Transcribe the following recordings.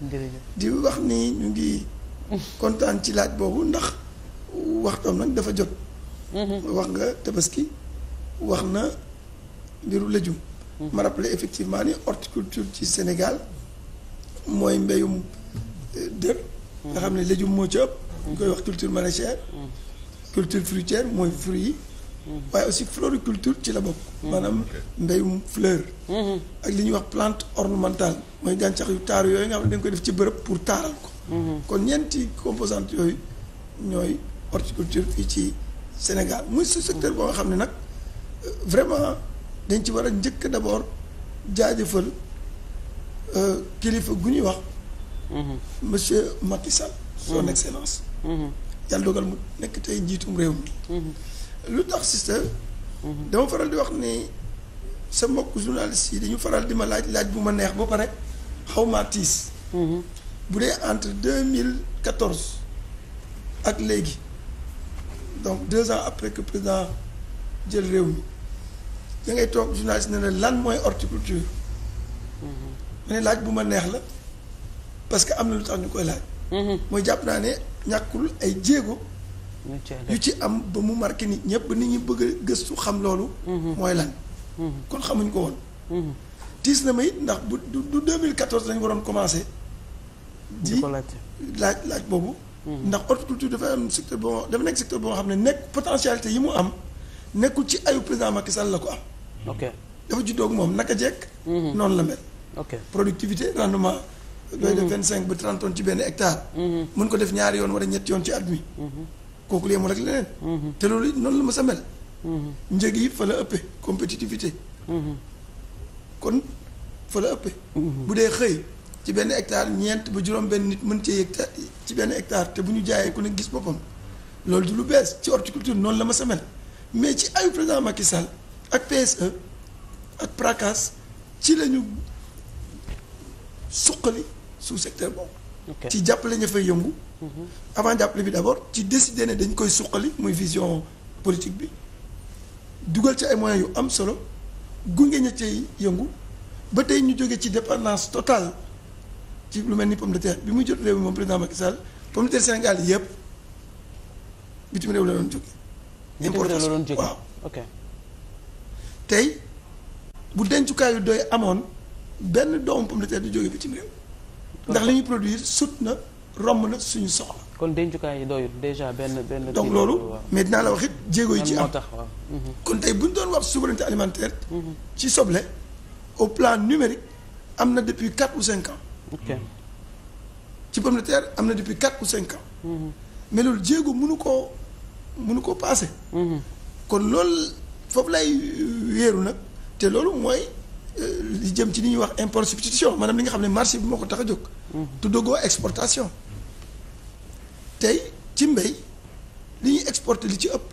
di wax ni ñu ngi kontaan ci laaj boobu ndax waxtoom nag dafa jot. Mhm. wax nga tabaski wax na mbiru lëjum. Mhm. ma rappelé effectivement ni culture ci Sénégal mooy mbéyum euh, dër. Mhm. nga xam ne lëjum moo ci ëpp. ñu koy wax culture maraîchère. culture fruitière mooy fruit yi. waaye aussi floriculture ci la bokk. Mm-hmm. maanaam mbéyum fleur. Mm-hmm. ak li ñuy wax plante ornementale mooy gàncax yu taaru yooyu nga xam ne dañ koy def ci bërëb pour taaral ko. Mm-hmm. kon ñeenti composante yooyu ñooy horticulture fii ci Sénégal muy su secteur boo nga xam ne nag euh, vraiment dañ ci war a njëkk d'abord jaajëfal euh, kilifa gu ñuy wax. monsieur makisal Sall. son excellence. yàlla dogal mu nekk tey njiitum réew mi. lu tax système mhm. dama faral di wax ni sa mbokk journaliste yi dañu faral di ma laaj laaj bu ma neex ba pare xaw maa tiis mhm. bu dee entre deux mille quatorze ak léegi donc deux ans après que président jël réew mi da ngay toog journaliste ne lan mooy horticulture mhm. ma ne laaj bu ma neex la parce que am na lu tax ñu koy laaj mooy jàpp naa ne ñàkkul ay jéego yu ci am ba mu marqué ni ñëpp nit ñi bëgg a gëstu xam loolu. Mhm. mooy lan. Mhm. kon xamuñ ko woon. Mhm. tiis na ma ndax bu du du 2014 lañ waroon commencé. di laaj laaj boobu. ndax horticulture dafa am secteur boo dafa nekk secteur boo xam ne nekk potentialité yi mu am nekkul ci ayu président Macky Sall la ko am. ok dafa juddoog moom naka jekk. noonu la mel. ok productivité rendement. doy de vingt cinq ba trente tonnes ci benn hectare. mun ko def ñaari yoon wala ñetti yoon ci at mi. kooku yemul ak leneen. Mhm. te loolu noonu la ma sa mel. Mhm. njëg yi fa la ëppee compétitivité. Mhm. kon fa la ëppee. bu dee xëy ci benn hectare ñeent ba juróom benn nit mën ci yëg ci benn hectare te bu ñu jaayee ku ne gis boppam loolu du lu bees ci horticulture noonu la ma sa mel mais ci ay président Macky Sall ak PSE ak PRACAS ci lañu suqali sous secteur boobu. ci jàppale ña fay yëngu. avant jàppale bi d' abord ci décider ne dañ koy suqali muy vision politique bi dugal ci ay moyens yu am solo gunge ña cay yëngu ba tey ñu jóge ci dépendance totale ci lu mel ni pomme de terre bi muy jot réew moom président Macky Sall pomme de terre Sénégal yëpp bitim réew la doon jógee. importation bitim réew la doon jógee waaw ok. tey bu dencukaayu doy amoon benn doomu pomme de terre du jógee bitim réew. ndax li ñuy produire sut na romb na suñu soxla. kon dencukaay yi doyul déjà benn benn. donc loolu mais dinaa la wax jéego yi ci am mhm. kon tey bu ñu doon wax souveraineté alimentaire. Mhm. ci soble au plan numérique am na depuis quatre ou cinq ans. ok ci pomme terre am na depuis quatre ou cinq ans. Mhm. mais loolu jéego mënu koo mënu koo paase. kon loolu foofu lay euh, wéeru nag te loolu mooy. Euh, li jëm ci li ñuy wax import substitution maanaam li nga xam ne marché bi moo ko tax a jóg. Mm-hmm. tuddagoo exportation. tey ci mbéy li ñuy exporter li ci ëpp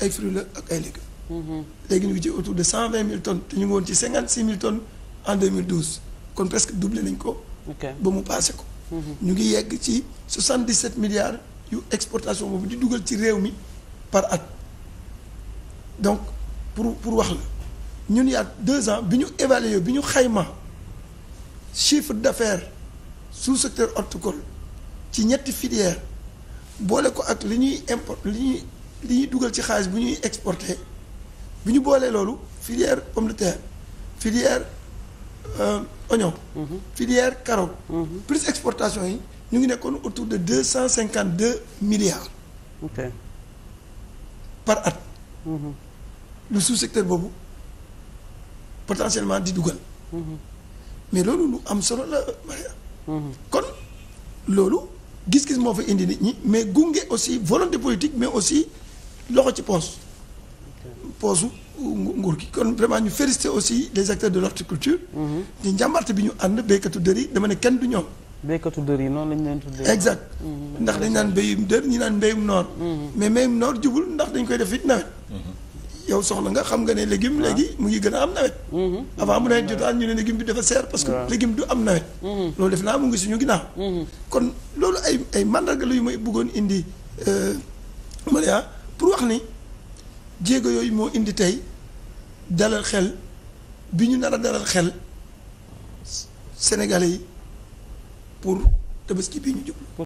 ay fruits la ak ay légumes. Mm-hmm. léegi ñu ngi ci autour de cent vingt mille ton te ñu ngi woon ci cinquante six mille tonnes en deux mille douze kon presque doublé nañ ko. ba mu paase ko. Mm-hmm. ñu ngi yegg ci soixante dix sept milliards yu exportation boobu di dugal ci réew mi par at donc pour pour wax la. ñun y a deux ans bi ñu évalué bi ñu xayma chiffre d'affaires sous secteur horticole ci ñetti filière boole ko ak li ñuy import li ñuy li ñuy dugal ci xaalis bu ñuy exporté bi ñu boolee loolu filière pomme de terre filière euh, oignon mm -hmm. filière carotte mhm. plus exportation yi ñu ngi nekkoon autour de deux cent cinquante deux milliards okay. par at mm le sous secteur boobu potentiellement di dugal. mais loolu lu am solo la kon loolu gis-gis moo fa indi nit ñi mais gunge aussi volonté politique mais aussi loxo ci poos poosu nguur ki kon vraiment ñu féliciter aussi les acteurs de l'horticulture di njàmbarte bi ñu ànd béykatu dër yi dama ne kenn du ñoom béykatu dër yi noonu lañ leen tuddee exact mm-hmm. ndax dañ naan mbéyum dër ñi naan mbéyum noor mm-hmm. mais mbéyum noor jubul ndax dañ koy def it nawet yow soxla nga xam nga ne légume ah. léegi mu ngi gën a am nawet mhm. avant mu nawet jotaan ñu ne légume bi dafa seer parce que légume du am nawet mhm. loolu def naa mu ngi suñu ginnaaw mhm. kon loolu ay ay mandarga la yu may bëggoon indi euh, Malia pour wax ni jéego yooyu moo indi tey dalal xel bi ñu nar a dalal xel Sénégalais yi pour tabaski bii ñu jublu